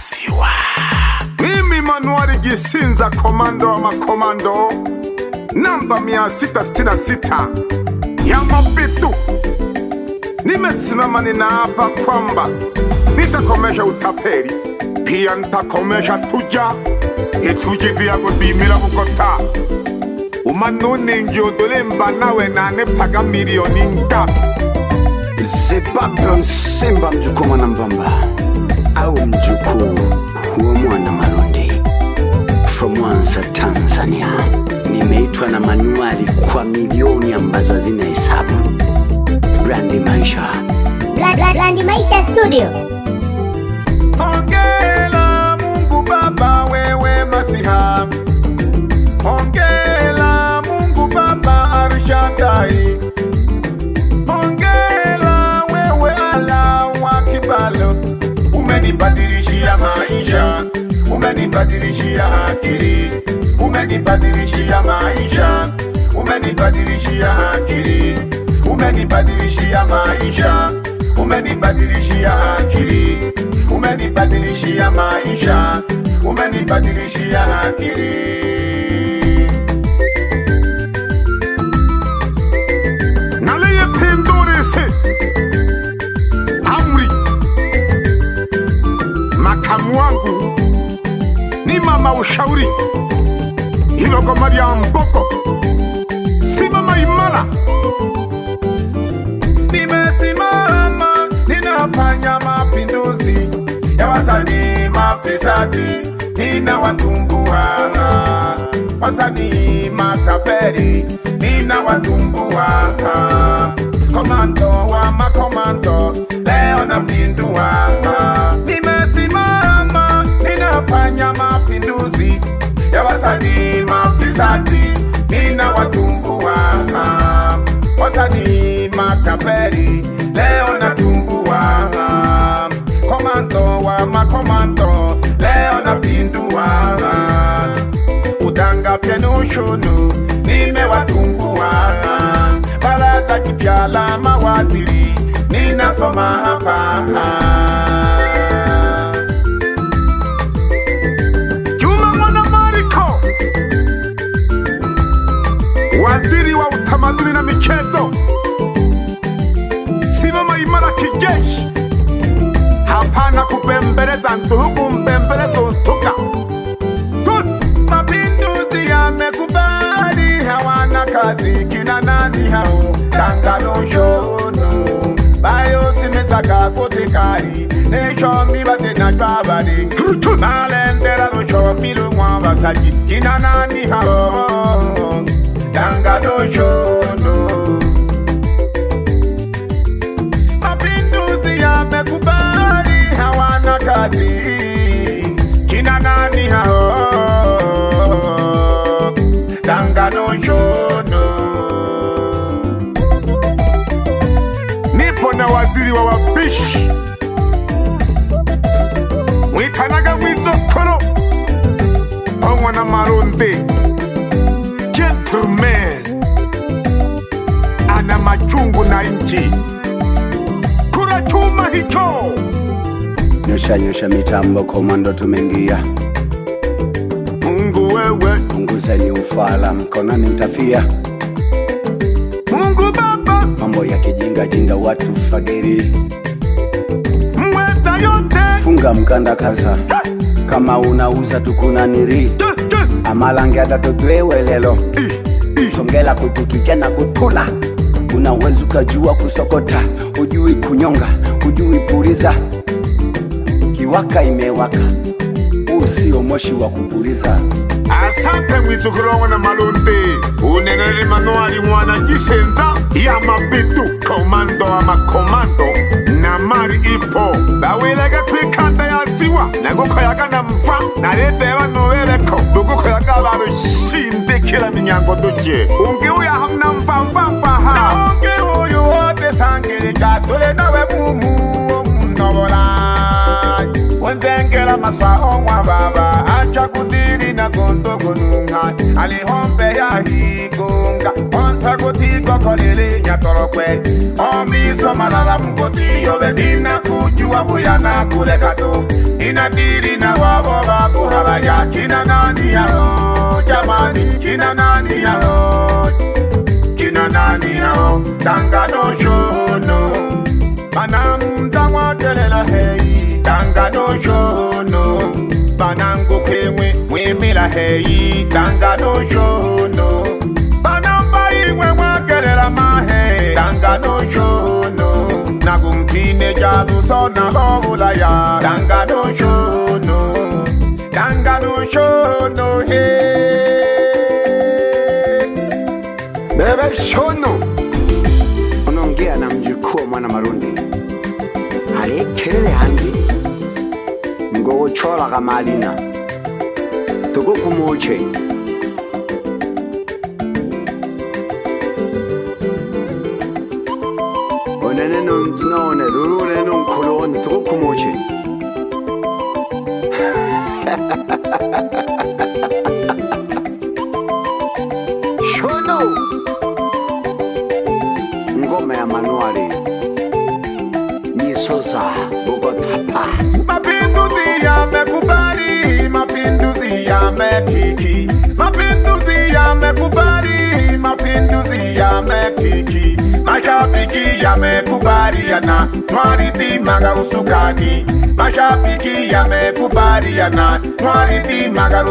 maziwa. Mimi Manuari Gisinza, komando wa makomando, namba 666 ya mabitu, nimesimama ninaapa kwamba nitakomesha utapeli, pia nitakomesha tuja ituji vya bimila kukota umanuni njodole mbanawe nanepaga milioni nda Zebabron Simba mjukoma na mbamba au mjukuu huo mwana Malundi from Mwanza, Tanzania. Nimeitwa na manuali kwa milioni ambazo hazina hesabu. Brandi Maisha, Brandi Maisha Studio. umenibadilishia maisha, umenibadilishia akili, umenibadilishia maisha, umenibadilishia akili, umenibadilishia maisha, umenibadilishia akili, umenibadilishia maisha, umenibadilishia akili. shauri Ilogo Maria Mboko, simama imara. Nimesimama, ninafanya mapinduzi ya wasanii mafisadi, ninawatumbua wasanii mataperi, ninawatumbua komando wa makomando, leo napindua. Nimesimama, ninafanya mapinduzi kadri ninawatumbua ah, wasani makaperi leo natumbua ah, komanto wa makomanto leo napindua ah, utanga pyenushunu nimewatumbua ah, balaza kipyala mawaziri ninasoma hapa ah, mbili na michezo sivyo maimara kijeshi hapana kupembeleza ntuhuku mpembelezo ntuka mapinduzi yamekubali hawana kazi kina nani hao tanganoshonu bayo simetaka kutikali neshomibatenatwabali malendela noshomilumwa basaji kina nani hao na waziri wa wabishi mwitanaga mwizokoro hongwa na maronde gentleman ana machungu na nchi kura chuma hicho nyosha nyosha mitambo komando tumengia Mungu wewe mungu unguzeni ufala mkonani mtafia Mungu ba mambo ya kijinga jinga, watu fagiri mweta yote, funga mkanda kaza kama unauza tukuna niri amalange atatotwewelelo songela kutukijana kutula unaweza ukajua kusokota, hujui kunyonga, hujui puriza. Kiwaka imewaka, huu moshi wa kupuliza. sante mwizukhulu wawe na malumpi unenele manuwali ng'wana cisenza ya mapitu komando a makomando na mari ipo baweleka khwikhanda yadziwa nakukhoyaka na mfa na leta ya vanuweleko vukukhoyaka valu xindikhila minyango tuje unge uya na mfamfamfaha naonge uyu wo tisangeli jatule nawe mumu wo mundovola wondzengela maswa on'wa vava a cakuti na gondo gonunga ali hombe ya higunga onta kuti kokolele nya torokwe o miso malala mkuti yo bedina kujua buya na kule kato ina diri na wabo ba kuhala ya kina nani ya ro jamani kina nani ya ro kina nani ya ro tangano ya heyi kanga no shono panambari imwe mwakelela mahe kanga no shono nakumthine jalusona lovula ya kanga no shono kanga no shono he bebe shono unaongea na mjukuu mwana marundi halekelele hangi ngowocholaga malina kumoche onene nontsinaone ruri onene nonkholoone toko kumoche shono ngoma ya manuale nisosa bogotapa mapindu diyame kubali mapinduzi yametiki, mapinduzi yamekubali, mapinduzi yametiki, mashabiki yamekubaliana, mwaridhi maga mashabiki yamekubaliana, mwaridhi maga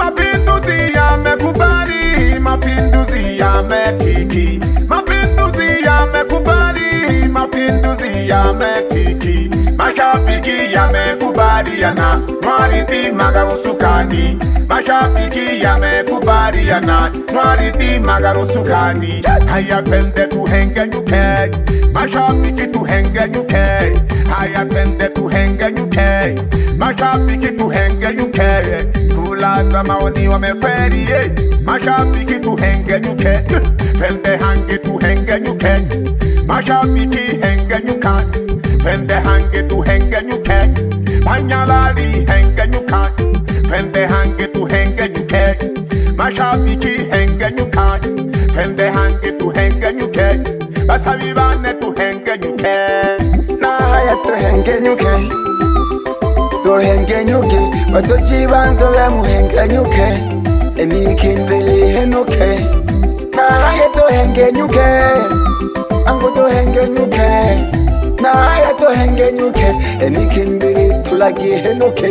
mapinduzi yamekubali, mapinduzi yametiki, mapinduzi yamekubali mapinduzi yametiki, mashabiki yamekubaliana, mwarithi magarusukani. Mashabiki yamekubaliana, mwarithi magarusukani. Haya twende tuhengenyuke, mashabiki nyuke. Haya twende tuhengenyuke, mashabiki nyuke. Kulaza maoni wameferi, mashabiki tuhengenyuke, twende hange tuhengenyuke Masha Piti Hengenyukan Vende hange tu hengenyuke Panyalali hengenyukan Vende hange tu hengenyuke Masha Piti Hengenyukan Vende hange tu hengenyuke Basavi bane tu hengenyuke Nahaya tu hengenyuke Tu hengenyuke Batoji banzo ya muhengenyuke Eni kimbele henuke Nahaya tu hengenyuke angu duhengenyuke naaya duhengenyuke emikimbiri tulagihenuke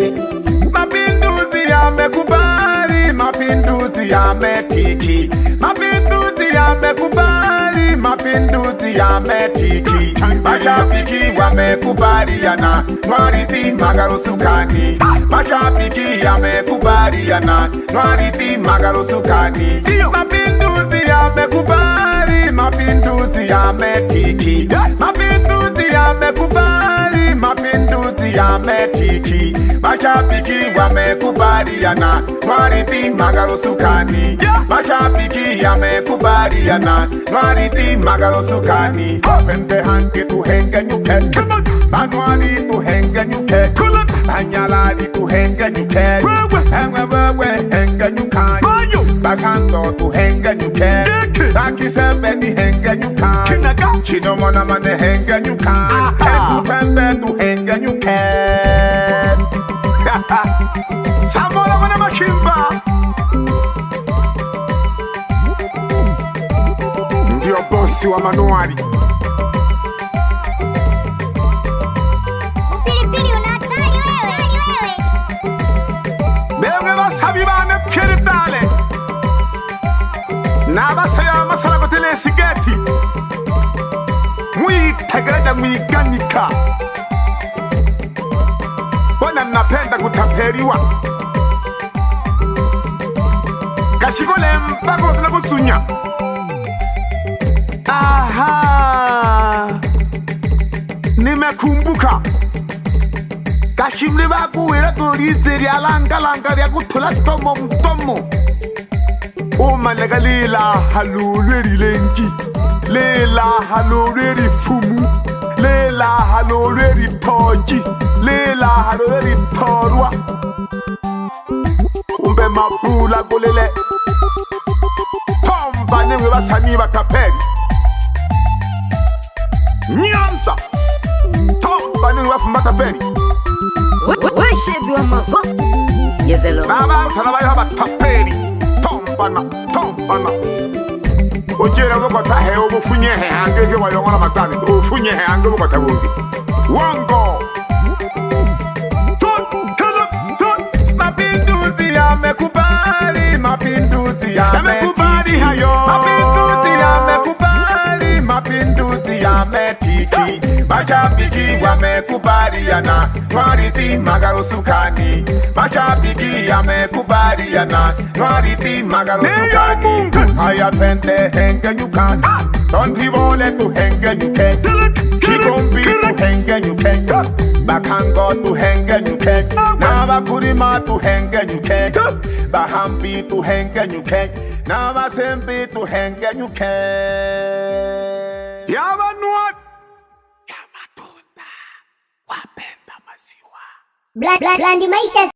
mapinduzi yamekubali mapinduzi yametiki mapinduzi yamekubali mapinduzi yametiki, mashabiki wamekubaliana, twarithi magarusukani. Mashabiki yamekubaliana, twarithi magarusukani. Mapinduzi yamekubali, mapinduzi yametiki, mapinduzi yamekubali, mapinduzi yametiki, mashabiki wame wamekubaliana twarithi magalo sukani yeah. Mashabiki yamekubaliana twarithi magalo sukani Pemtehante tuhengenyuke Banwali tuhengenyuke Banyalali tuhengenyuke Ewe wewe hengenyukani Basando tuhengenyuke Bakisebe ni hengenyukani Chinomona mane hengenyuka Ekupembe tuhengenyuka Chimba ndio bosi wa manuari. Benge basabi bane pyeri dale nabasaya amasala gotele esigeti mwitegereja mwiganika, bona mnapenda kutapeliwa ashikole mpaka wakana kusunya. Aha, nimekumbuka kashimli vakuwira torisi rya langalanga rya kuthula tomo mtomo umaleka lelahalolwe rilenki lelahalolwe rifumu lelahalolwe ritoji lelahalolwe ritorwa kumbe mapula kulele nimwe basanii batapeli nyanza to banimwe bafumba tapeli weshebi wamava yezelo babansa nabariho abatapeli tombana tombana ugera bugatahewe ubufunyehe hange ngiwayongora amazani ubufunyehe hange bugatabungi wongo mashabiki wamekubaliana twaridhi magaro sukani, mashabiki yamekubaliana twaridhi magaro sukani. Haya twende hengenyuka, tontivole tuhengenyuke, Kigombi tuhengenyuke, Bakango Nava kurima tuhengenyuke, n'abakurima tuhengenyuke, Bahambi tuhengenyuke, n'abasembi tuhengenyuke. yabantu Brand, brand, brand maisha